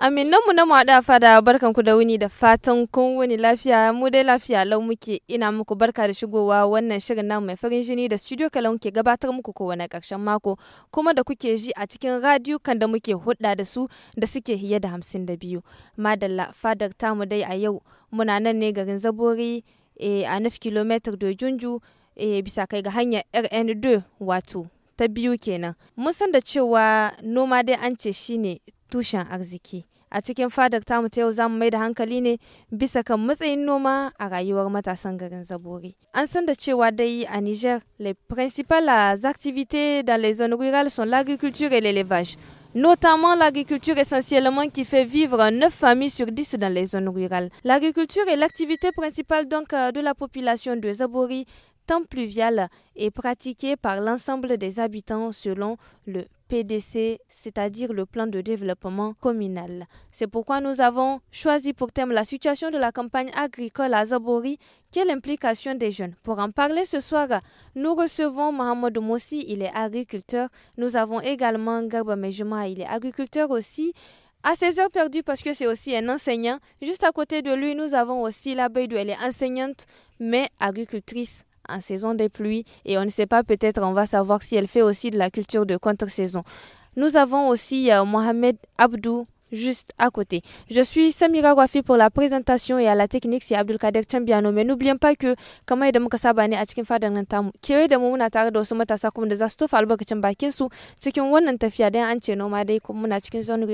mu na maɗa fada ku da wuni da fatan kun wuni lafiya mu dai lafiya lau muke ina muku barka da shigowa wannan shirin namu mai farin jini da studio kalon ke gabatar muku kowane ƙarshen mako kuma da kuke ji a cikin radiyo kan da muke hudda da su da suke hiye da hamsin da biyu. Madalla fadar mu dai a yau muna nan ne garin Zabori eh, a 9 kilometer da Junju eh, bisa kai ga hanyar RN2 wato ta biyu kenan mun san da cewa noma dai an ce shine tushen arziki. A cikin fadar tamu ta yau noma a rayuwar matasan Zabori. An san Niger, les principales activités dans les zones rurales sont l'agriculture et l'élevage. notamment l'agriculture essentiellement qui fait vivre 9 familles sur 10 dans les zones rurales. L'agriculture est l'activité principale donc euh, de la population de Zabori, tant pluviale, et pratiquée par l'ensemble des habitants selon le PDC, c'est-à-dire le plan de développement communal. C'est pourquoi nous avons choisi pour thème la situation de la campagne agricole à Zabori, Quelle implication des jeunes. Pour en parler ce soir, nous recevons Mohamed Mossi, il est agriculteur. Nous avons également Garba il est agriculteur aussi. À ses heures perdues, parce que c'est aussi un enseignant, juste à côté de lui, nous avons aussi l'abeille, elle est enseignante, mais agricultrice en saison des pluies et on ne sait pas, peut-être on va savoir si elle fait aussi de la culture de contre-saison. Nous avons aussi euh, Mohamed Abdou juste à côté. Je suis Samira Wafi pour la présentation et à la technique c'est Kadek Chambiano mais n'oublions pas que comme muka a cikin zone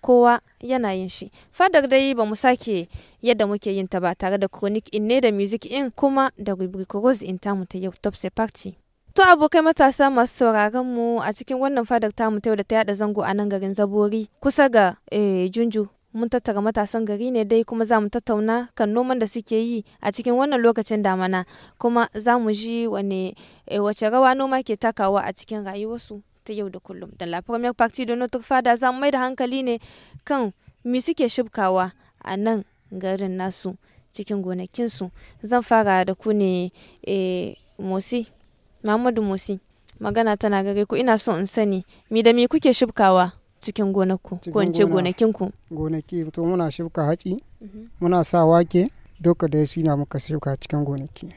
kowa yana yin shi fadar dai ba mu sake yadda muke yin ta ba tare da chronic in ne da music in kuma da rubric rose in tamu ta yau top party To abokai matasa masu sauraron mu a cikin wannan fadar tamu ta yau da ta yada zango a nan garin Zabori kusa ga eh, Junju mun tattara matasan gari ne dai kuma za mu tattauna kan noman da suke yi a cikin wannan lokacin damana kuma za mu ji eh, wace rawa noma ke takawa a cikin rayuwarsu. ta yau da kullum da la première partie de notre fada za mai da hankali ne kan mi suke shubkawa a nan garin nasu cikin gonakinsu zan fara da ku ne eh, mosi muhammadu mosi magana tana gare ku ina so in sani mi da mi kuke shubkawa cikin gonaku ko ce gonakinku gonaki to muna shubka hatsi mhm. muna sa wake duka da su na muka shubka cikin gonaki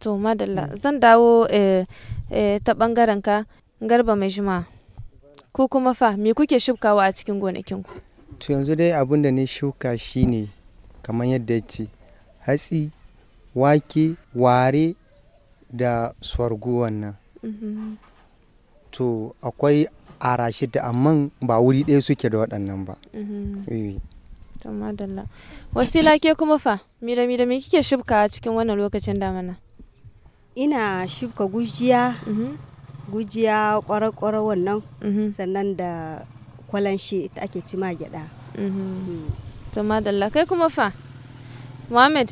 to madalla mm. zan dawo eh, eh, ta bangaren ka garba mai juma ku kuma fa me kuke shukawa a cikin gonakinku to yanzu dai abin da ni shuka shine kamar yadda ya ce hatsi wake ware da swargo wannan mhm. to akwai arashi da amman ba wuri ɗaya suke da waɗannan ba mhm. eh. wasila ke kuma fa mira mira me kike a cikin wannan lokacin damana ina shubka gujiya mhm. gujiya kwarar-kwarar wannan mhm. sannan da shi ita ake ci ma gyada mhm. mm. to madalla kai kuma fa Muhammad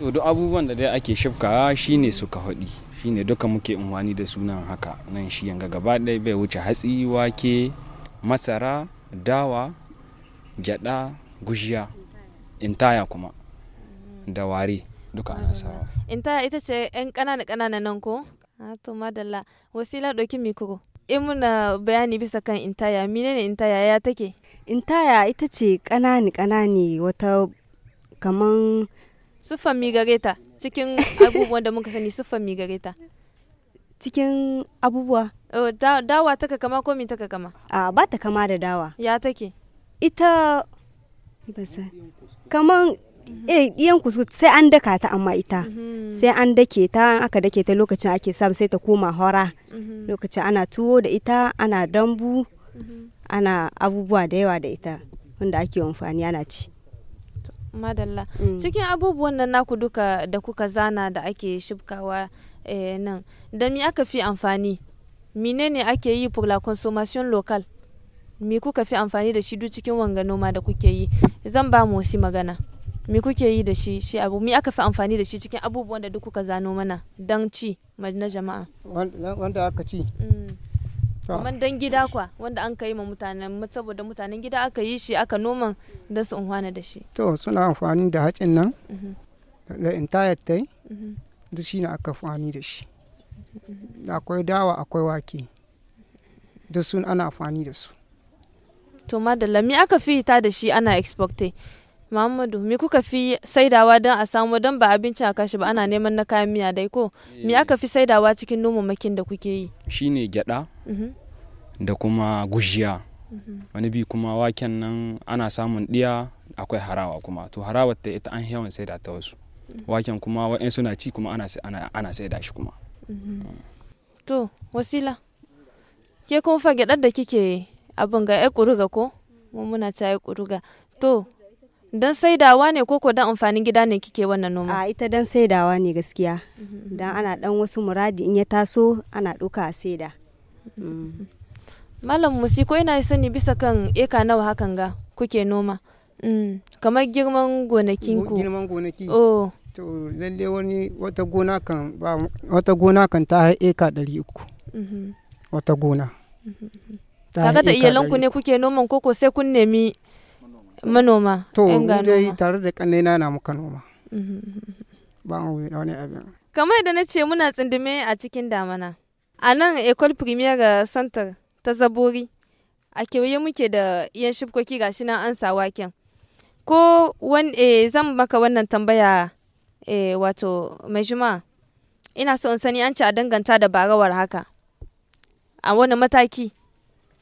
to duk abubuwan da dai ake shifka shine suka haɗi shine duka muke unwani da sunan haka nan shi yanga gaba ɗaya bai wuce hatsi wake masara dawa gyada gujiya intaya kuma da ware duka ana sawa intaya ita ce 'yan ƙanana ƙanana nan ko Ah, to madalla wasila ɗauki mikro in eh, muna bayani bisa kan intaya menene intaya ya take intaya ita ce ƙanani ƙanani wata kaman siffan migareta cikin abubuwan da muka sani siffan migareta cikin abubuwa oh, dawa taka kama ko mi taka kama a ba ta kama da dawa ya take ita basa kaman Eh, iyan sai an daka ta amma ita mhm. sai an dake ta aka dake ta lokacin ake samu sai ta koma hora mhm. lokacin ana tuwo da ita ana dambu mhm. ana abubuwa da yawa da ita wanda ake amfani ana ci madalla mm. cikin abubuwan nan naku duka da kuka zana da ake shibkawa eh, nan da mi aka fi amfani menene ake yi pour la consommation locale me kuka fi amfani da shi duk cikin wanga noma da kuke yi zan ba mu magana me kuke yi da shi shi abu me aka fi amfani da shi cikin abubuwan da duk kuka zano mana don ci na jama'a wanda aka ci mm. kamar dan gida kwa wanda an ka yi ma mutanen saboda mutanen gida aka yi shi aka noman don su unhwana da shi to suna amfani da hacin nan mm-hmm. da intayar tai mm-hmm. duk shi na aka amfani da shi mm-hmm. akwai dawa akwai wake duk sun ana amfani da su to madalla me aka fi ta da shi ana exporte Muhammadu, me kuka fi saidawa don a samu don ba abinci a kashi ba ana neman na kayan miya dai ko? Me eh. aka fi saidawa cikin makin da kuke yi? Shi ne gyaɗa mhm. da kuma gujiya. Mhm. Wani bi kuma waken nan ana samun ɗiya akwai harawa kuma. To harawar ta ita an yawan saida ta wasu. Mhm. Waken kuma wa'in suna ci kuma ana saida shi kuma. Mm. To, wasila, ke kuma fa gyadar da kike abin ga ya ƙuruga ko? Mun muna ta ya ƙuruga. To, Dan saidawa ne koko dan amfanin gida ne kike wannan noma? A ita dan saidawa ne gaskiya. Mhm. Dan ana dan wasu muradi in ya taso ana ɗauka a saida. Mm. Malam Musi ko ina sani bisa kan eka nawa hakan ga kuke noma? Mm. Kamar girman gonakin ku. Girman gonaki. Oh. To lalle wani wata gona kan ba wata gona kan ta eka ɗari uku. Mhm. Wata gona. Mhm, Kaga da iyalanku ne kuke noman koko sai kun nemi manoma to dai tare da kanina na muka noma mhm, mhm, mhm. ba mu wani abin kamar da na ce muna tsindime a cikin damana a nan ecole premier center ta zabori a kewaye muke da iyan shifkoki gashi nan an waken ko eh, zan maka wannan tambaya e, wato mai ina so in sani an ci a danganta da barawar haka a wani mataki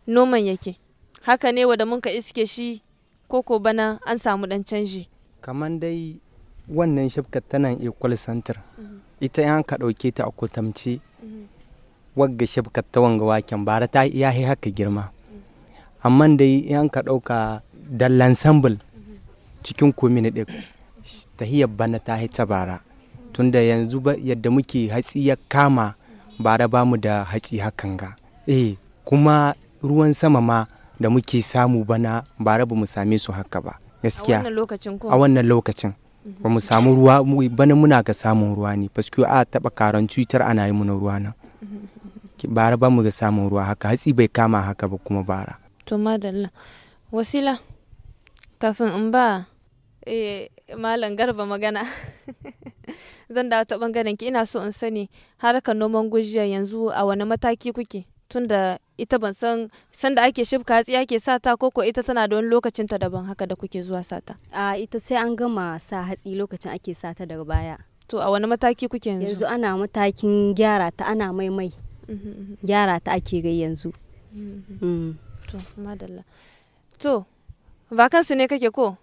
noman yake haka ne wada mun ka iske shi koko bana an samu dan canji kaman dai wannan shafkar tana equal center mhm. ita yan ka dauke ta a kotamci mhm. wagga shafkar ta wanga waken bara ta iya haka girma mhm. amma dai yan ka dauka da ensemble cikin komini ɗin tahiyar bana ta ta bara tunda yanzu yadda muke hatsi ya kama bara ba mu da hatsi hakan ga eh kuma ruwan sama ma da muke samu bana bara ba mu same su haka ba gaskiya a wannan lokacin ba mu samu ruwa bana muna ga samun ruwa ne paske a taba karan twitter ana yi muna ruwa nan bara ba mu ga samun ruwa haka hatsi bai kama haka ba kuma bara to madalla wasila kafin in ba eh, malam garba magana zan da ta bangaren ki ina so in sani harkar noman gujiya yanzu a wani mataki kuke tunda ita ban san sanda ake shifka hatsi ake sata ko ko ita tana da wani lokacin ta daban haka da kuke zuwa sata a ita sai an gama sa hatsi lokacin ake sata daga baya to a wani mataki kuke yanzu yanzu ana matakin gyara ta ana maimai mhm, mhm. gyara ta ake gai yanzu mhm, mm. to madalla to vakansu ne kake ko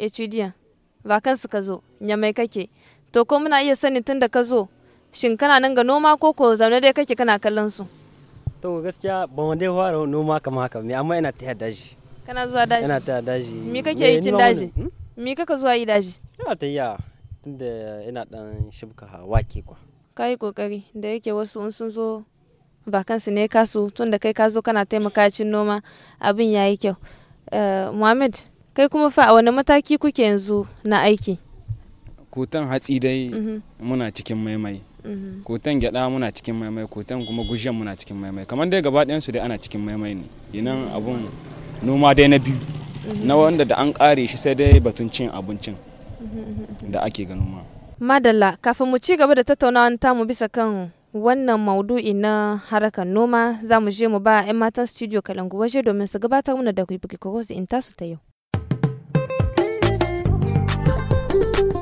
etudiyan vakansu ka zo nyamai kake to ko muna iya sani tun da ka zo shin kana nan ga noma ko ko zaune dai kake kana kallon su to gaskiya ban wanda ya fara noma kama haka me amma ina taya daji kana zuwa daji ina taya daji me kake yi cin daji hmm? me kaka zuwa yi daji ina tayya tunda ina dan shibka wake kwa kai kokari da yake wasu in sun zo ba kansu ne kasu tunda kai ka zo kana taimaka cin noma abin yayi kyau eh, Muhammad kai kuma fa a wani mataki kuke yanzu na aiki kutan hatsi dai mhm. muna cikin maimai Mhm. kotan gyada muna cikin maimai kotan kuma gushen muna cikin maimai kamar dai gaba su dai ana cikin maimai ne inan mhm. abun noma dai na biyu mhm. na wanda da an kare shi sai dai batun cin abincin da ake ga noma madalla kafin mu ci gaba da tattaunawar mu bisa kan wannan maudu'i na harkar noma za mu je mu ba 'yan matan studio kalangu waje domin su gabatar mana da kwibiki ko in tasu ta yau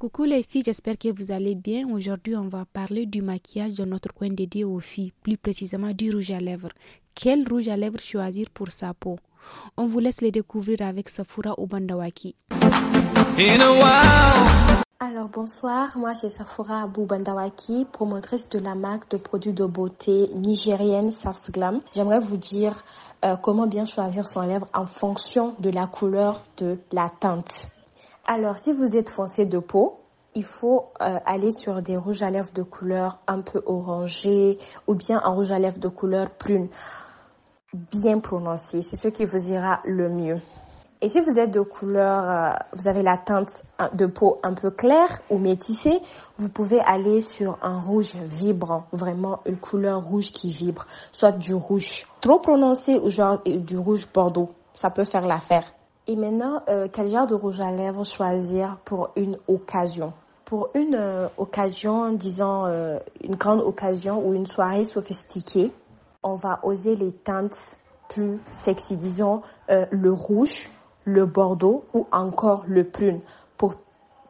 Coucou les filles, j'espère que vous allez bien. Aujourd'hui, on va parler du maquillage de notre coin dédié aux filles, plus précisément du rouge à lèvres. Quel rouge à lèvres choisir pour sa peau On vous laisse le découvrir avec Safura Ubandawaki. Alors bonsoir, moi c'est Safura Abu promotrice de la marque de produits de beauté nigérienne Safs Glam. J'aimerais vous dire euh, comment bien choisir son lèvre en fonction de la couleur de la teinte. Alors, si vous êtes foncé de peau, il faut euh, aller sur des rouges à lèvres de couleur un peu orangé ou bien un rouge à lèvres de couleur prune bien prononcé. C'est ce qui vous ira le mieux. Et si vous êtes de couleur, euh, vous avez la teinte hein, de peau un peu claire ou métissée, vous pouvez aller sur un rouge vibrant, vraiment une couleur rouge qui vibre, soit du rouge trop prononcé ou genre euh, du rouge bordeaux. Ça peut faire l'affaire. Et maintenant, euh, quel genre de rouge à lèvres choisir pour une occasion Pour une euh, occasion, disons euh, une grande occasion ou une soirée sophistiquée, on va oser les teintes plus sexy, disons le rouge, le bordeaux ou encore le prune. Pour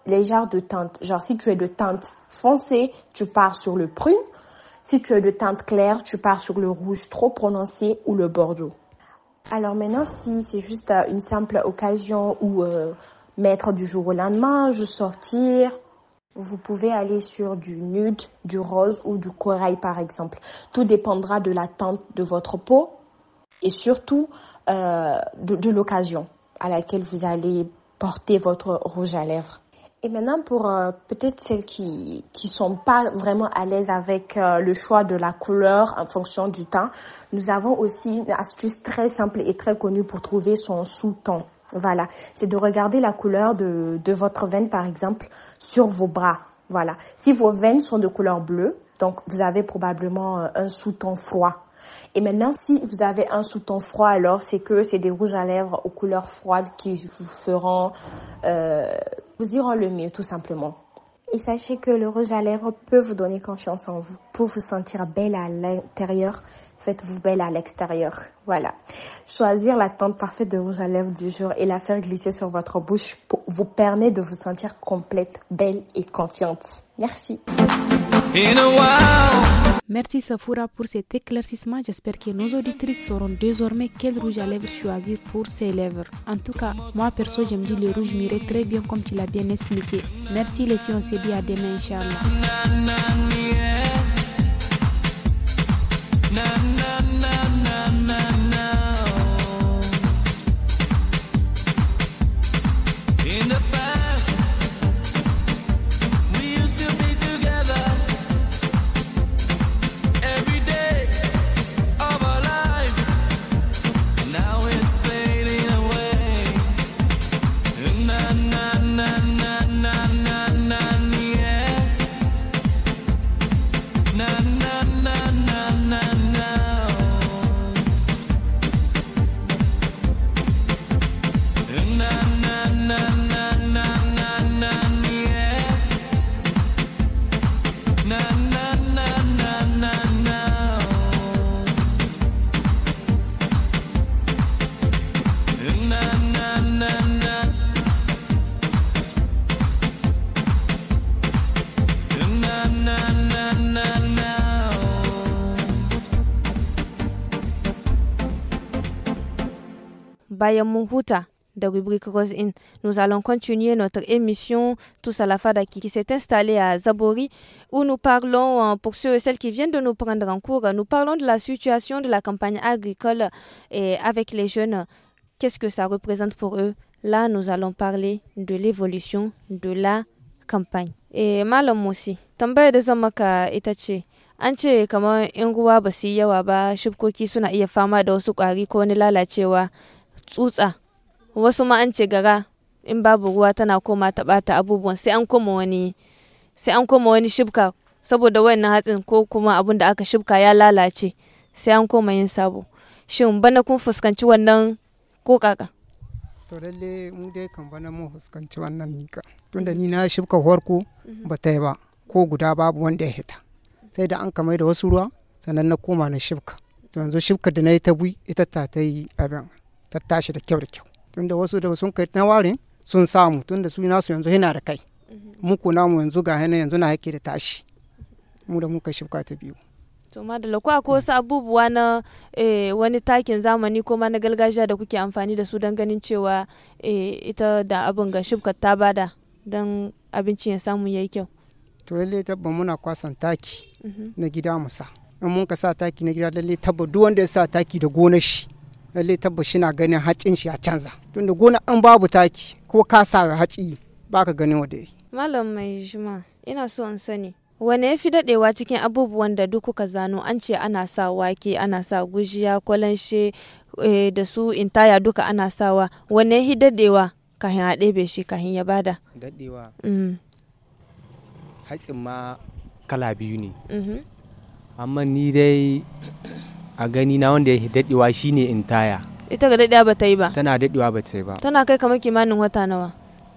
les genres de teintes, genre si tu es de teinte foncée, tu pars sur le prune. Si tu es de teinte claire, tu pars sur le rouge trop prononcé ou le bordeaux. Alors maintenant, si c'est juste euh, une simple occasion ou euh, mettre du jour au lendemain, je sortir, vous pouvez aller sur du nude, du rose ou du corail par exemple. Tout dépendra de la teinte de votre peau et surtout euh, de, de l'occasion à laquelle vous allez porter votre rouge à lèvres. Et maintenant, pour euh, peut-être celles qui qui sont pas vraiment à l'aise avec euh, le choix de la couleur en fonction du temps, nous avons aussi une astuce très simple et très connue pour trouver son sous-ton. Voilà, c'est de regarder la couleur de, de votre veine, par exemple, sur vos bras. Voilà, si vos veines sont de couleur bleue, donc vous avez probablement euh, un sous-ton froid. Et maintenant, si vous avez un sous-ton froid, alors c'est que c'est des rouges à lèvres aux couleurs froides qui vous feront, euh, vous iront le mieux tout simplement. Et sachez que le rouge à lèvres peut vous donner confiance en vous. Pour vous sentir belle à l'intérieur, faites-vous belle à l'extérieur. Voilà. Choisir la teinte parfaite de rouge à lèvres du jour et la faire glisser sur votre bouche vous permet de vous sentir complète, belle et confiante. Merci. Merci Safoura pour cet éclaircissement. J'espère que nos auditrices sauront désormais quel rouge à lèvres choisir pour ses lèvres. En tout cas, moi perso, j'aime dire le rouge m'irait très bien comme tu l'as bien expliqué. Merci les filles, on se dit à demain, Inch'Allah. de rubrique Rose In. Nous allons continuer notre émission Tous à la Fada qui, s'est installée à Zabori où nous parlons, euh, pour ceux et celles qui viennent de nous prendre en cours, nous parlons de la situation de la campagne agricole et avec les jeunes. Qu'est-ce que ça représente pour eux Là, nous allons parler de l'évolution de la campagne. Et Malam aussi, Tambaye da zamaka ita ce, kamar in ruwa ba yawa ba, suna iya fama da wasu tsutsa wasu ma an ce gara in babu ruwa tana koma ta bata abubuwan sai an koma wani sai an koma wani shibka saboda wannan hatsin ko kuma abin da aka shibka ya lalace sai an koma yin sabo shin bana kun fuskanci wannan ko kaka to lalle mu dai kan bana mu fuskanci wannan ni ka tunda ni na shibka horko mhm. ba ta yi ba ko guda babu wanda ya hita sai da an kamai da wasu ruwa sannan na koma na shibka to yanzu shibka da na yi ta bui ita ta ta yi abin ta tashi da kyau da kyau tunda wasu da sun kai na warin sun samu tunda su nasu yanzu yana da kai mhm. muku namu yanzu ga hana yanzu na haƙƙi da tashi mu da muka shifka ta biyu to madalla ko akwai wasu abubuwa na eh, wani takin zamani ko ma na gargajiya da kuke amfani da su don ganin cewa eh, ita da abin ga shifka ta bada don abincin ya samu yayi kyau to lallai tabba muna kwasan taki mhm. na gida musa in mun ka sa taki na gida lallai tabba duk wanda ya sa taki da gonar shi lalle tabbas na ganin hatsin shi a canza tunda gona an babu taki ko ka sa ba baka ganin wanda yi malam mai juma ina so in sani wane ya fi dadewa cikin abubuwan da duk kuka zano an ce ana sa wake ana sa gujiya kwalanshe eh, da su intaya duka ana sawa wane ya fi dadewa kahin a ɗebe shi kahin ya bada dadewa mm. hatsin ma kala biyu ne mm-hmm. amma ni dai a gani na wanda ya daɗewa shine intaya ita ga daɗewa ba ta yi ba tana daɗewa ba ta yi ba tana kai kamar kimanin wata nawa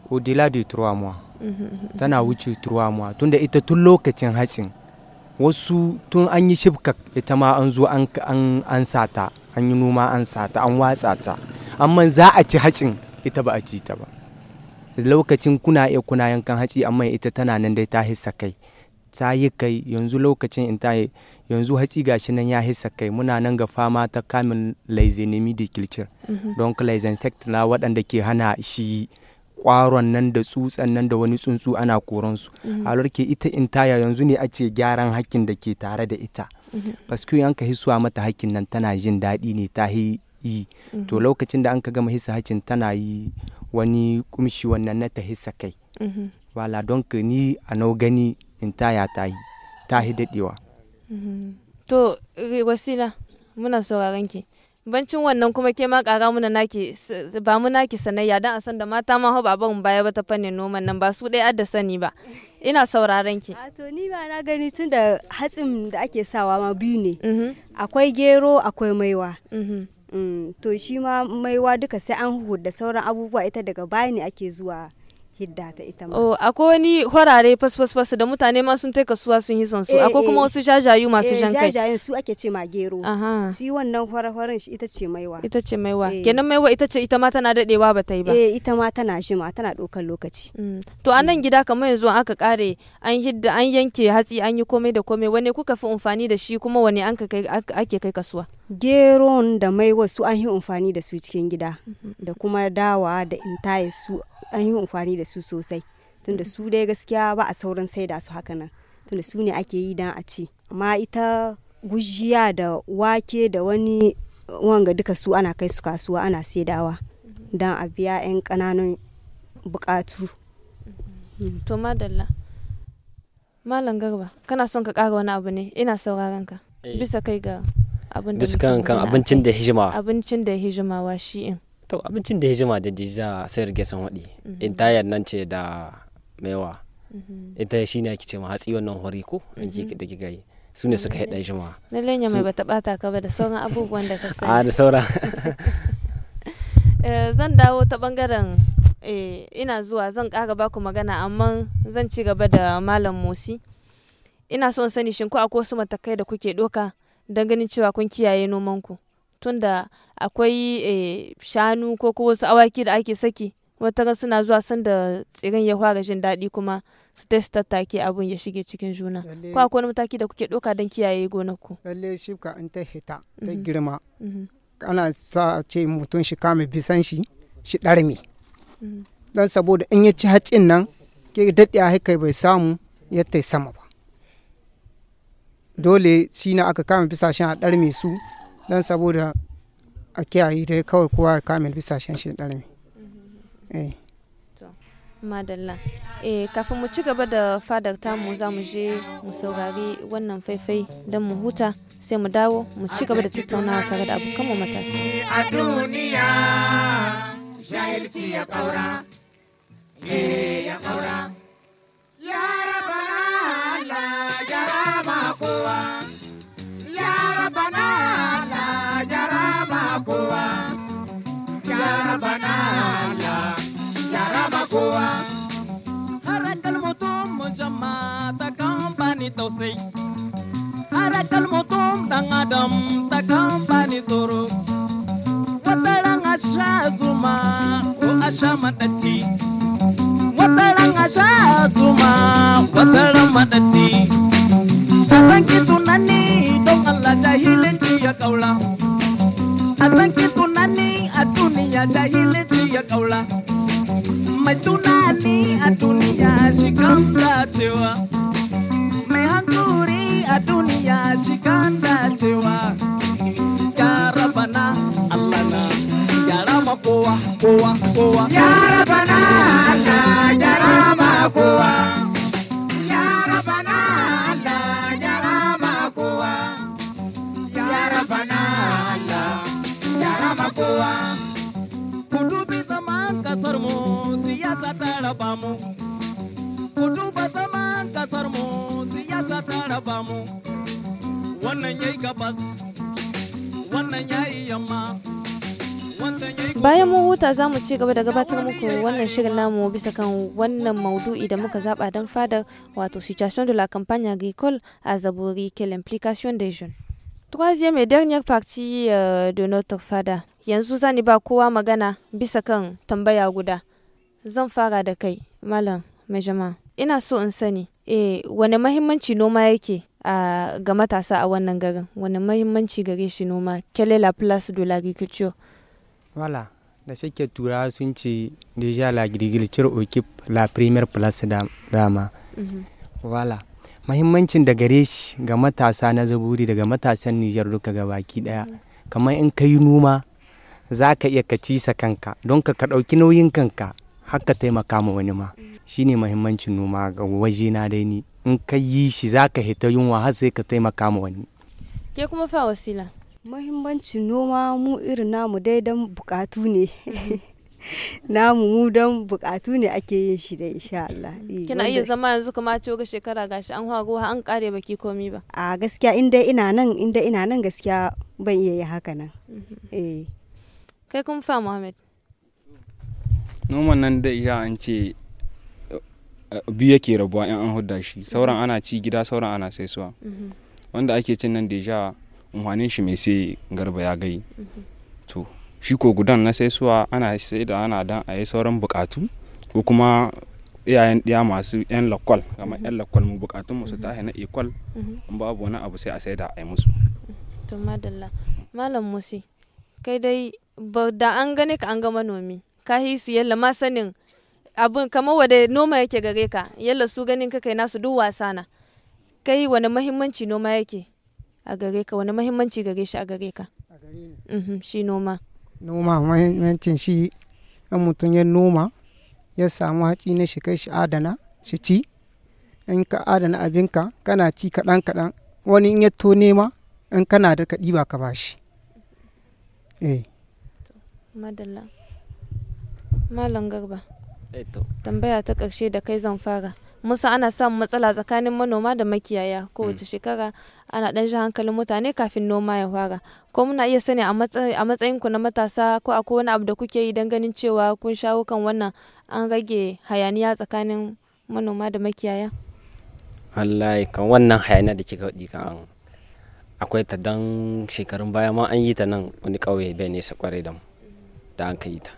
odila de trois mhm, mhm, mhm. tana wuce trois tun tunda ita tun lokacin hatsin wasu tun an yi shifka ita ma an zo an sata an yi noma an sata an watsa ta amma za a ci hacin ita ba a ci ta ba lokacin kuna iya kuna yankan haci amma ita tana nan dai ta hissa kai ta yi kai yanzu lokacin in ta yanzu hatsi gashi nan ya hisa kai muna nan ga fama ta kamin laizenemi da kilcir don laizentect na waɗanda ke hana shi kwaron nan da tsutsan nan da wani tsuntsu ana koransu mhm. ke ita intaya yanzu ne a ce gyaran hakkin da ke tare da ita mhm. paske yanka hisuwa mata hakkin nan tana jin daɗi ne ta yi mhm. to lokacin da an ka gama hisa hakkin tana yi wani kumshi wannan na ta hisa kai wala don ka ni a nau gani in taya ta yi ta hi daɗewa Mm-hmm. To, eh, wasila, muna sauraron ki. Bancin wannan kuma ke ma kara muna naki ba mu naki sanayya dan a san da mata ma ba barin baya ba ta fannin noman nan ba su daya adda sani ba. Ina sauraron ki. A to ni ba na gani tun da hatsin da ake sawa ma biyu ne. Mm-hmm. Akwai gero akwai maiwa. Mm-hmm. Mm, to shi ma maiwa duka sai an huhu sauran abubuwa ita daga baya ne ake zuwa. hidda ta ita ma. Oh, akwai wani horare fasfasfas da mutane ma sun tai kasuwa sun yi son su. Eh, akwai kuma eh. wasu jajayu masu eh, jan kai. Jajayen su ake ce ma gero. Su yi wannan horahorin shi ita ce maiwa. Ita ce maiwa. Kenan maiwa ita ce ita ma tana dadewa ba ta yi ba. Eh, ita ma tana shima tana dokan lokaci. Mm. To a nan mm. gida kamar yanzu aka kare an hidda an yanke hatsi an yi komai da komai wani kuka fi amfani da shi kuma wani an ake kai kasuwa. Geron da maiwa su an yi amfani da su cikin gida mm-hmm. da kuma dawa da intaye su an yi amfani da su. su sosai tunda su dai gaskiya ba a saurin saida su haka nan tunda su ne ake yi dan a ci amma ita gujiya da wake da wani uh, wanga duka su ana kai su kasuwa ana saidawa mm-hmm. dan a biya 'yan ƙananan bukatu mm-hmm. mm-hmm. to madalla malam garba kana son ka ƙara wani abu ne ina sauraron ka eh. bisa kai ga abincin da hijima abincin da hijimawa shi in to abincin da ya jima da jija sai rige sun hudi mhm. in tayar nan ce da maiwa mhm. ita shi ne ake ce ma hatsi wannan hori ko in ji mhm. da kika yi su ne suka haɗa jima lallai lenya mai bata bata ka ba da sauran abubuwan da ka sani a da sauran eh, zan dawo ta bangaren eh, ina zuwa zan ƙara baku magana amma zan ci gaba da malam musi ina son sani shin ko akwai wasu matakai da kuke doka don ganin cewa kun kiyaye nomanku tunda akwai e, shanu ko ko wasu awaki da ake saki wata suna zuwa sanda tsirin ya fara jin daɗi kuma su ta su tattake abin ya shige cikin juna ko akwai wani mataki da kuke ɗauka don kiyaye ku. lalle ka in ta hita ta mhm. girma mhm. ana sa ce mutum shi kame bisan shi shi ɗarme mhm. don saboda in ya ci haccin nan ke daɗe a haikai bai samu ya ta sama ba dole shi na aka kame bisashen a ɗarme su dan saboda a kiyaye dai kawai kowa ya kame bisa shan shi ɗarami mm-hmm. eh. madalla eh kafin mu ci gaba da fadar tamu za mu je mu saurari wannan faifai don mu huta sai mu dawo mu ci gaba da tattaunawa tare da abokan mu matasa a duniya jahilci ya kaura eh ya kaura ni tausayi harakar mutum dan adam ta kamfani tsoro wataran a sha zuma ko oh a sha maɗaci wataran zuma wataran maɗaci ta zanki tunani don Allah jahilinci ya kaula a zanki tunani atunia duniya jahilinci ya kaula mai tunani atunia duniya shi mai hankuri a si shigan dacewa gyara bana Allah na gyara ma kowa kowa bayan mun huta za mu ci gaba da gabatar muku wannan shirin namu bisa kan wannan maudu'i da muka zaba don fadar wato situation de la campagne agricole a zaburi que l'implication des jeunes troisième et dernière partie euh, de notre fada yanzu zani ba kowa magana bisa kan tambaya guda zan fara da kai malam mai jama'a ina so in sani eh wane mahimmanci noma yake ga matasa a wannan garin wani mahimmanci gare shi noma kele la place de l'agriculture voilà da shake tura sun ce déjà l'agriculture occupe la première place da dama wala mhm. mahimmancin da gare shi ga matasa na zaburi daga matasan Nijar duka ga baki daya mhm. kamar in ka yi noma za ka iya ka cisa kanka don ka ka ɗauki nauyin kanka haka taimaka ma wani ma mhm. shine mahimmancin noma ga waje na dai ni in ka yi shi za ka hita yunwa har sai ka taimaka ma wani ke kuma fa wasila muhimmancin noma mu irin namu dai don bukatu ne namu mu don bukatu ne ake yin shi da insha Allah eh, kina iya zama yanzu kuma ciwo ga shekara gashi an hago an kare baki komi ba a gaskiya inda ina nan inda ina nan gaskiya ban iya yi haka nan mhm. eh. kai kuma fa Muhammad noman nan da iya an ce biyu yake rabuwa in an hudda shi sauran mhm. ana ci gida sauran ana saisuwa mhm. wanda ake cin nan deja umarnin shi mai sai garba ya gai mhm. to shi ko gudan na saisuwa ana sai da ana dan a yi sauran bukatu ko kuma iyayen ɗiya masu yan lakwal kamar yan lakwal mu bukatun musu ta na ikwal in babu wani abu sai a sai da a yi musu to madalla malam musi kai dai da an gane ka an ga manomi ka hisu su yalla ma sanin abin kamar wadda noma yake gare ka yalla su ganin ka kai nasu duk wasa na kai wani mahimmanci noma yake a gare ka wani mahimmanci gare shi a gare ka a gare ni mhm, shi noma noma mahimmancin shi in mutum ya noma ya samu haƙi na shi kai shi adana shi ci in ka adana abinka kana ci kaɗan kaɗan wani in ya to nema in kana da kaɗi ba ka bashi eh madalla malam garba Eh, tambaya ta ƙarshe da kai zan fara musa ana samun matsala tsakanin manoma da makiyaya kowace mm. shekara ana ɗan shi hankalin mutane kafin noma ya fara ko muna iya sani a matsayin ku na matasa ko akwai wani abu da kuke yi don ganin cewa kun shawo kan wannan an rage hayaniya tsakanin manoma da makiyaya wallahi kan wannan hayaniya da kika faɗi kan akwai ta dan shekarun baya ma an yi ta nan wani kauye bai nesa kwarai da mu da an ka yi ta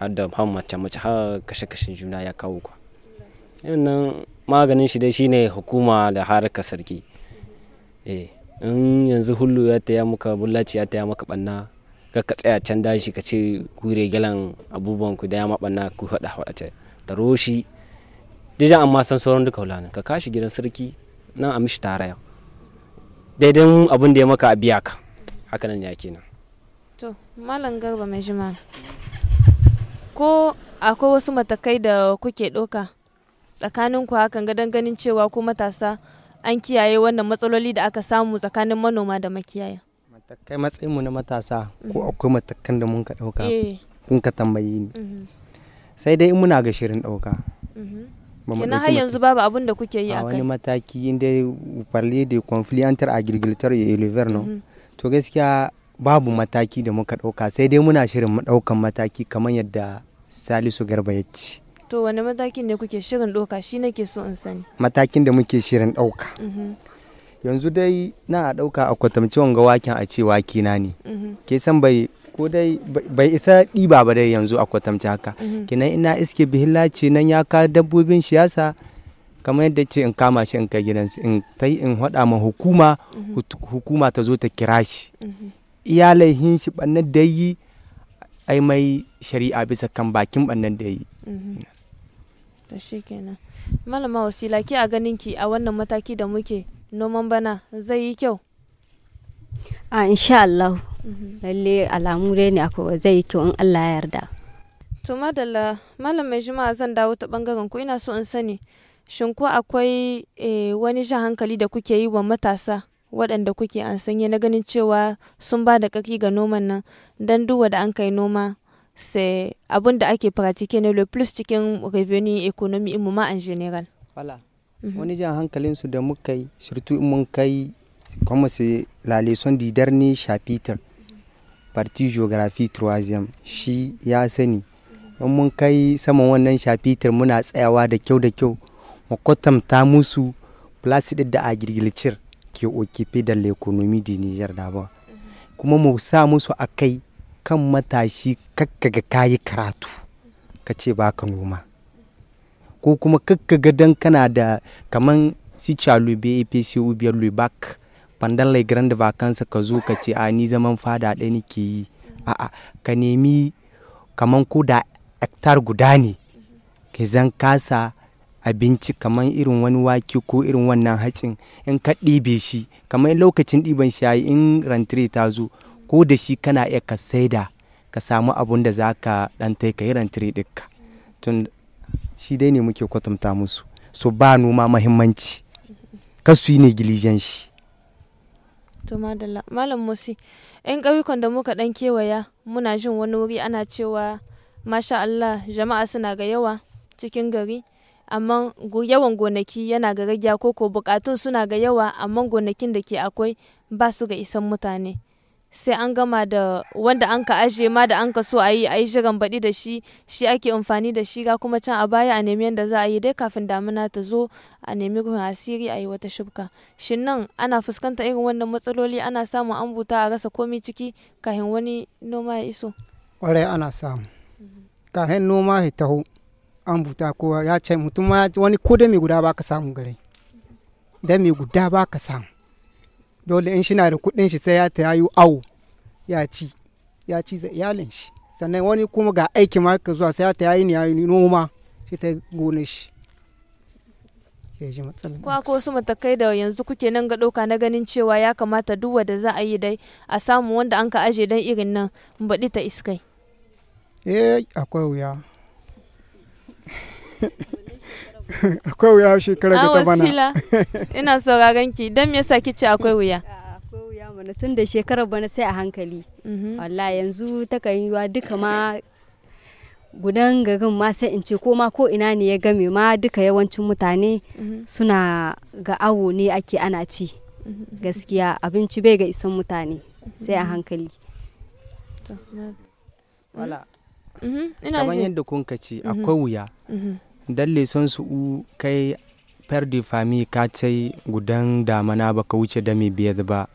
har da har mace mace har kashe kashen juna ya kawo kwa nan maganin shi dai shine hukuma da harkar sarki eh in yanzu hullu ya taya muka bullaci ya taya maka banna ka ka tsaya can dashi ka ce kure gilan abubuwan ku da ya mabanna ku hada hada da roshi dijan amma san sauran duka hulana ka kashi gidan sarki nan a mishi taraya daidai abin da ya maka a biya ka haka nan ya kenan to malam garba mai jima ko akwai wasu matakai da kuke ɗauka tsakanin ku hakan ga ganin cewa ko matasa an kiyaye wannan matsaloli da aka samu tsakanin manoma da makiyaya matakai matsayin mu na matasa ko mhm. akwai matakan da mun ka ɗauka eh. kun ka tambayi ni mhm. sai dai in muna ga shirin ɗauka mhm. kina har yanzu babu abin da kuke yi a wani mataki inda parle de conflit entre agriculture et éleveur no to gaskiya babu mataki da muka dauka sai dai muna shirin daukan mataki kamar yadda salisu garba ya ci to wani matakin ne kuke shirin ɗauka shi nake so in sani matakin da muke shirin ɗauka mhm. yanzu dai na a ɗauka a kwatamci wanga waken a ce wakina ne mhm. ke san bai ko dai bai isa ɗiba ba dai yanzu a kwatamci haka mhm. kinan ina iske bihilla ce nan ya ka dabbobin siyasa kamar yadda ce in kama shi in kai su in tai in haɗa ma hukuma hukuma ta zo ta kira shi iyalai hin shi bannan dai ai mai shari'a bisa kan bakin bannan da yi mhm. to kenan malama wasila ki a ganin ki a wannan mataki da muke noman bana zai yi kyau a insha Allah mhm. lalle alamu dai ne akwai zai yi kyau in Allah ya yarda to madalla malam mai juma'a zan dawo ta bangaren ku ina so in sani shin ko akwai eh, wani shan hankali da kuke yi wa matasa waɗanda kuke an sanye na ganin cewa sun ba da ƙarfi ga noman nan don duwa da an kai noma c'est abin da ake pratique ne le plus cikin revenu economy mu ma en général. voilà mhm. on -hmm. wani jan hankalin su da muka yi surtout mun kai comme c'est la leçon du dernier chapitre partie géographie troisième shi ya sani in mun kai saman wannan chapitre muna tsayawa da kyau da kyau mu kwatanta musu placid da agriculture ke occupé dans l'économie du Niger d'abord kuma mhm. mu sa musu akai kan matashi kakkaga kayi karatu ka ce ba ka noma ko kuma ga don kana da kaman si chalube apc ubiyar lubak pandan lai grand ka zo ka ce a ni zaman fada ɗaya nake yi a'a ka nemi kaman ko da hektar guda ne ka zan kasa abinci kaman irin wani wake ko irin wannan hatsin in ka ɗibe shi kamar lokacin ɗiban shi in rantire ta zo ko da shi kana iya ka saida ka samu abun da za ka ɗan tai ka yi rantiri ɗinka tun shi dai ne muke kwatanta musu su ba noma mahimmanci kasu yi negilijen shi to malam musi yan ƙauyukan da muka ɗan kewaya muna jin wani wuri ana cewa masha Allah jama'a suna ga yawa cikin gari amma yawan gonaki yana ga ragya ko ko bukatun suna ga yawa amma gonakin da ke akwai ba su ga isan mutane sai an gama da wanda an ka aje ma da an ka so a yi a yi shigan baɗi da shi shi ake amfani da shi ga kuma can a baya a nemi yadda za a yi dai kafin damina ta zo a nemi ruhun asiri a yi wata shubka shin nan ana fuskantar irin wannan matsaloli ana samun an buta a rasa komi ciki kafin wani noma ya iso kwarai ana samu kafin noma ya taho an buta kowa ya ce mutum wani ko da mai guda ba ka samu gare da mai guda ba ka samu dole in shina da kuɗin shi sai ya tayayu awo ya ci ya ci iyalin shi sannan wani kuma ga aiki ma ka zuwa sai ya tayayi ni yayi noma shi ta gona shi ya ji ko su wasu matakai da yanzu kuke nan ga ɗauka na ganin cewa ya kamata duk wanda za a yi dai a samu wanda an ka aje dan irin nan baɗi ta iskai eh akwai wuya akwai wuya shekara ga ah, ta bana ina so ga ganki dan me yasa kice akwai wuya ah, akwai wuya mana tun da shekarar bana sai a hankali mhm. wallahi yanzu ta takan yiwa duka ma gudan gagan ma sai in ce ko ma ko ina ne ya game ma duka yawancin mutane mhm. suna ga awo ne ake ana ci mhm. gaskiya abinci bai ga isan mutane sai a hankali wala kamar yadda kun ci akwai wuya dalle son su kai per de fami ka tai gudan damana ba ka wuce da mai biyar ba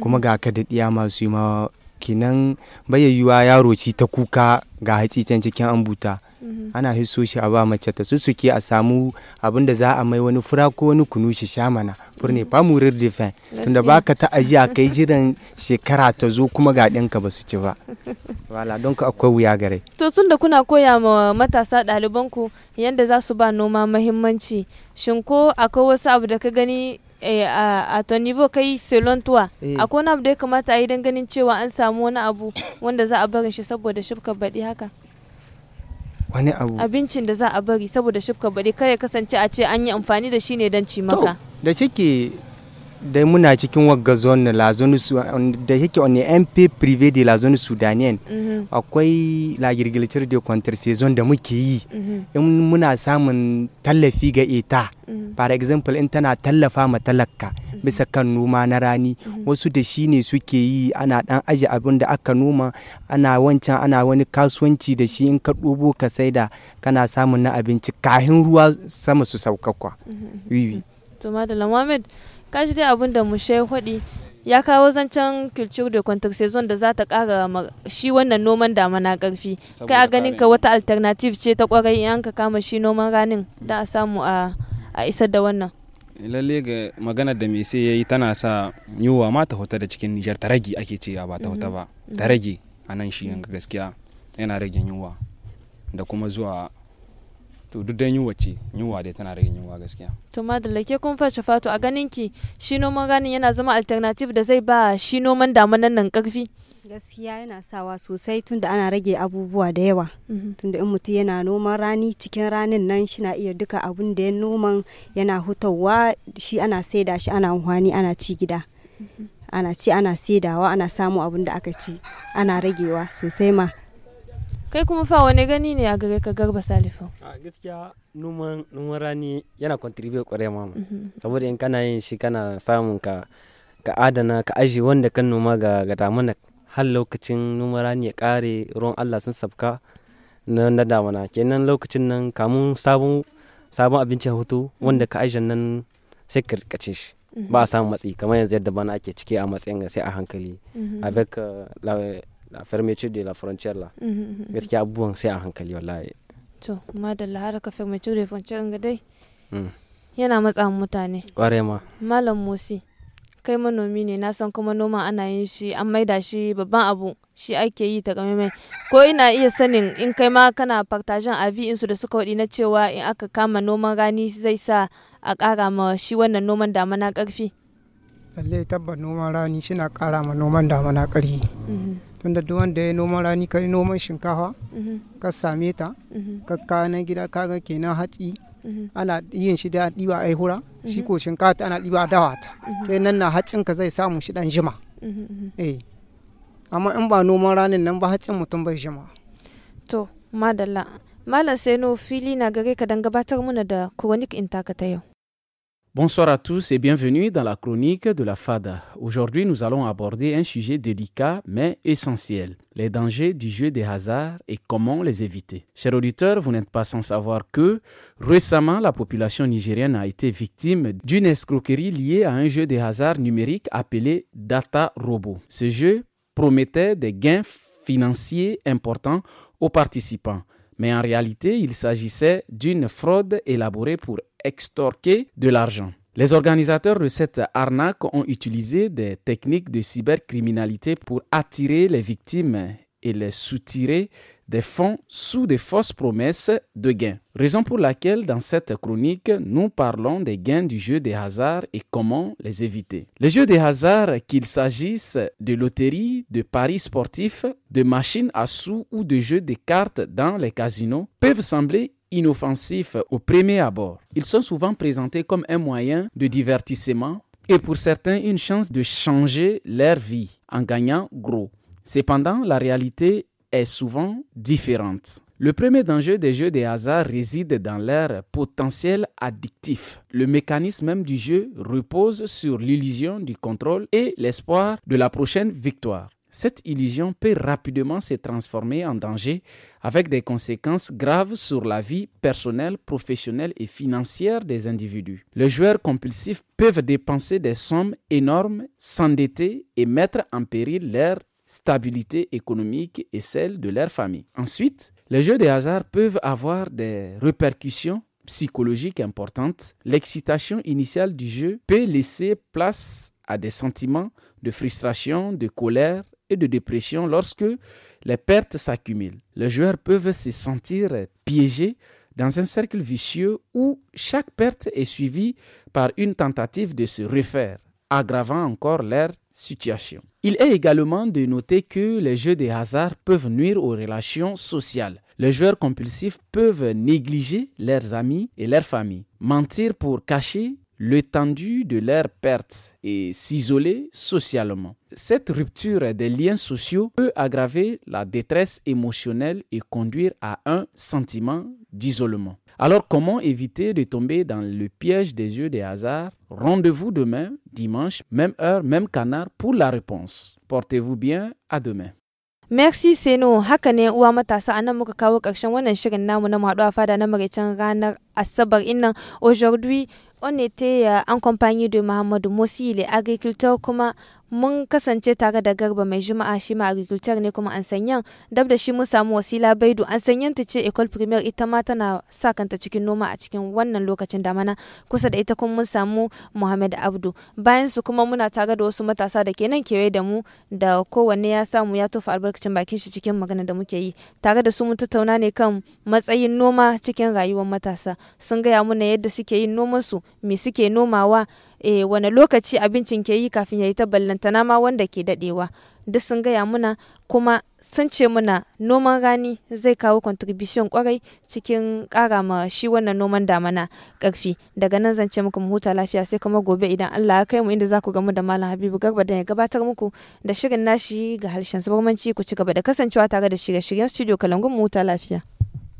kuma mm. ga ka da diya masu yi ma kinan bayayyuwa yaro ci ta kuka ga hacicen cikin ambuta ana hiso shi a ba mace ta susuke a samu abin da za a mai wani fura ko wani kunu shi sha mana furne mu rir defen tunda baka ta a kai jiran shekara ta zo kuma ga ɗinka ba su ci ba wala don ka akwai wuya gare to tun da kuna koya ma matasa ɗaliban ku yadda za su ba noma mahimmanci shin ko akwai wasu abu da ka gani eh, a ton niveau kai selon toi eh. akwai wani abu da ya kamata a yi don ganin cewa an samu wani abu wanda za a barin shi saboda shifka baɗi haka wani abu abincin da za a bari saboda shifka bari kar ya kasance a ce an yi amfani da shi ne don cimaka da cike da muna cikin wagga zone la zone su da yake on MP privé de la zone soudanienne mhm. akwai la agriculture de contre saison da muke yi mhm. in muna samun tallafi ga eta for mhm. example in tana tallafa ma talaka bisa kan noma na rani mhm. wasu da shi ne suke yi ana dan aje abin da aka noma ana wancan ana wani kasuwanci da shi in ka dubo ka saida kana samun na abinci kahin ruwa sama su saukakwa mhm. wiwi to madalla muhammad ka ji dai abin da mu shai ya kawo zancen culture de contact da za ta kara shi wannan noman damana karfi kai a ganin ka wata alternative ce ta kwarai in an ka kama shi noman ranin da a samu a isar da wannan lalle ga maganar da mai sai ya yi tana sa yiwuwa ma ta hota da cikin Nijar ta rage ake ce ba ta hota ba ta mhm. rage a nan shi gaskiya yana rage yiwuwa da kuma zuwa to duk dai yunwa ce yunwa dai tana rage yunwa gaskiya to madalla ke kun fashe fatu a ganin ki shi noman rani yana zama alternative da zai ba shi noman damunan nan karfi gaskiya yana sawa sosai tunda ana rage abubuwa da yawa mhm. tunda in mutum yana noman rani cikin ranin nan shi na iya duka abun da ya noman yana hutawa shi ana saida shi ana amfani ana ci gida mhm. ana ci ana saidawa ana samu abun da aka ci ana ragewa sosai ma kai kuma fa wani gani ne a gare ka garba salifu a gaskiya numan rani yana contribute kwarai mama mhm. saboda in kana yin shi kana samun ka ka adana ka aji wanda kan noma ga ga damana har lokacin numan rani ya kare ruwan Allah sun sabka na na damana kenan lokacin nan kamun sabon sabon abinci hutu mhm. wanda ka aji nan sai ka rikace shi ba a mhm. samu matsi kamar yanzu yadda bana ake ciki a matsayin sai a hankali avec eh, la fermeture de la frontière mhm, mhm, mhm. e la gaskiya abubuwan sai a hankali wallahi to madalla har ka fermeture de frontière ga dai yana matsa mutane kware ma malam musi kai manomi ne na san kuma noma ana yin shi an maida shi babban abu shi ake yi ta mai ko ina iya sanin in kai ma kana faktajen a vi insu da suka waɗi na cewa in aka kama noman rani zai sa a ƙara ma shi wannan noman damana ƙarfi lalle tabbar noman rani shi na ƙara ma noman damana ƙarfi tunda duk wanda ya noman rani yi noman shinkafa mhm. ka same ta mhm. ka na gida kaga kenan hatsi mhm. ana yin shi da ɗiba a hura shi ko shinkafa ta ana ɗiba a dawa ta nan na ka zai samu shi dan jima eh amma in ba noman ranin nan ba hatsin mutum bai jima to madalla malam no fili na gare ka dan gabatar muna da chronic taka ta yau Bonsoir à tous et bienvenue dans la chronique de la FADA. Aujourd'hui, nous allons aborder un sujet délicat mais essentiel, les dangers du jeu des hasards et comment les éviter. Chers auditeurs, vous n'êtes pas sans savoir que récemment, la population nigérienne a été victime d'une escroquerie liée à un jeu des hasards numérique appelé Data Robot. Ce jeu promettait des gains financiers importants aux participants mais en réalité il s'agissait d'une fraude élaborée pour extorquer de l'argent. Les organisateurs de cette arnaque ont utilisé des techniques de cybercriminalité pour attirer les victimes et les soutirer des fonds sous des fausses promesses de gains. Raison pour laquelle dans cette chronique, nous parlons des gains du jeu des hasards et comment les éviter. Les jeux des hasards, qu'il s'agisse de loteries, de paris sportifs, de machines à sous ou de jeux de cartes dans les casinos, peuvent sembler inoffensifs au premier abord. Ils sont souvent présentés comme un moyen de divertissement et pour certains une chance de changer leur vie en gagnant gros. Cependant, la réalité est souvent différente. Le premier danger des jeux de hasard réside dans leur potentiel addictif. Le mécanisme même du jeu repose sur l'illusion du contrôle et l'espoir de la prochaine victoire. Cette illusion peut rapidement se transformer en danger avec des conséquences graves sur la vie personnelle, professionnelle et financière des individus. Les joueurs compulsifs peuvent dépenser des sommes énormes, s'endetter et mettre en péril leur stabilité économique et celle de leur famille. Ensuite, les jeux de hasard peuvent avoir des répercussions psychologiques importantes. L'excitation initiale du jeu peut laisser place à des sentiments de frustration, de colère et de dépression lorsque les pertes s'accumulent. Les joueurs peuvent se sentir piégés dans un cercle vicieux où chaque perte est suivie par une tentative de se refaire, aggravant encore leur il est également de noter que les jeux de hasard peuvent nuire aux relations sociales. Les joueurs compulsifs peuvent négliger leurs amis et leurs familles, mentir pour cacher l'étendue de leurs pertes et s'isoler socialement. Cette rupture des liens sociaux peut aggraver la détresse émotionnelle et conduire à un sentiment d'isolement. Alors comment éviter de tomber dans le piège des yeux des hasards Rendez-vous demain, dimanche, même heure, même canard pour la réponse. Portez-vous bien, à demain. Merci Seno, fada aujourd'hui on était euh, en compagnie de Mohamed Mossi, les agriculteurs. mun kasance tare da garba mai juma'a shi ma agriculture ne kuma an sanyan dab da shi mun samu wasila baidu an sanyan ta ce ecole primaire ita ma tana sa kanta cikin noma a cikin wannan lokacin damana kusa da ita kuma mun samu muhammad abdu bayan su kuma muna tare da wasu matasa da ke nan kewaye da mu da kowanne ya samu ya tofa albarkacin bakin shi cikin magana da muke yi tare da su mun tattauna ne kan matsayin noma cikin rayuwar matasa sun gaya mana yadda suke yin su me suke nomawa eh wani lokaci abincin ke yi kafin ya yi ta ballantana ma wanda ke dadewa duk sun gaya muna kuma sun ce muna noman rani zai kawo contribution kwarai cikin kara ma shi wannan noman damana karfi daga nan zan ce muku mu huta lafiya sai kuma gobe idan Allah ya kai mu inda za ku gamu da Malam Habibu Garba da ya gabatar muku da shirin nashi ga harshen sabarmanci ku ci gaba da kasancewa tare da shirye-shiryen studio Kalangun mu huta lafiya